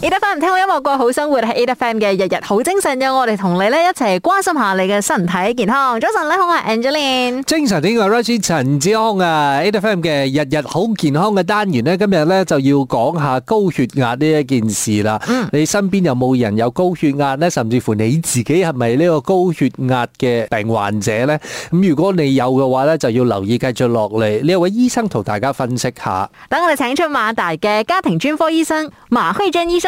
A. F. M. 聽好音樂過好生活係 A. F. M. 嘅日日好精神，我哋同你咧一齊關心下你嘅身體健康。早晨，你好，我係精神啊，Angeline。早晨點解 Rising 陳志康啊？A. F. M. 嘅日日好健康嘅單元呢今日咧就要講下高血壓呢一件事啦。嗯、你身邊有冇人有高血壓呢？甚至乎你自己係咪呢個高血壓嘅病患者呢？咁如果你有嘅話咧，就要留意繼續落嚟。呢位醫生同大家分析下。等我哋請出馬大嘅家庭專科醫生馬慧貞醫生。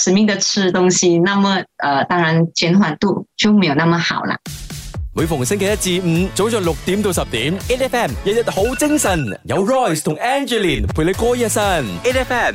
使命的吃東西，那麼，呃當然減緩度就沒有那麼好了。每逢星期一至五，早上六點到十點，A F M 日日好精神，有 Royce 同 Angelin 陪你過一生，A F M。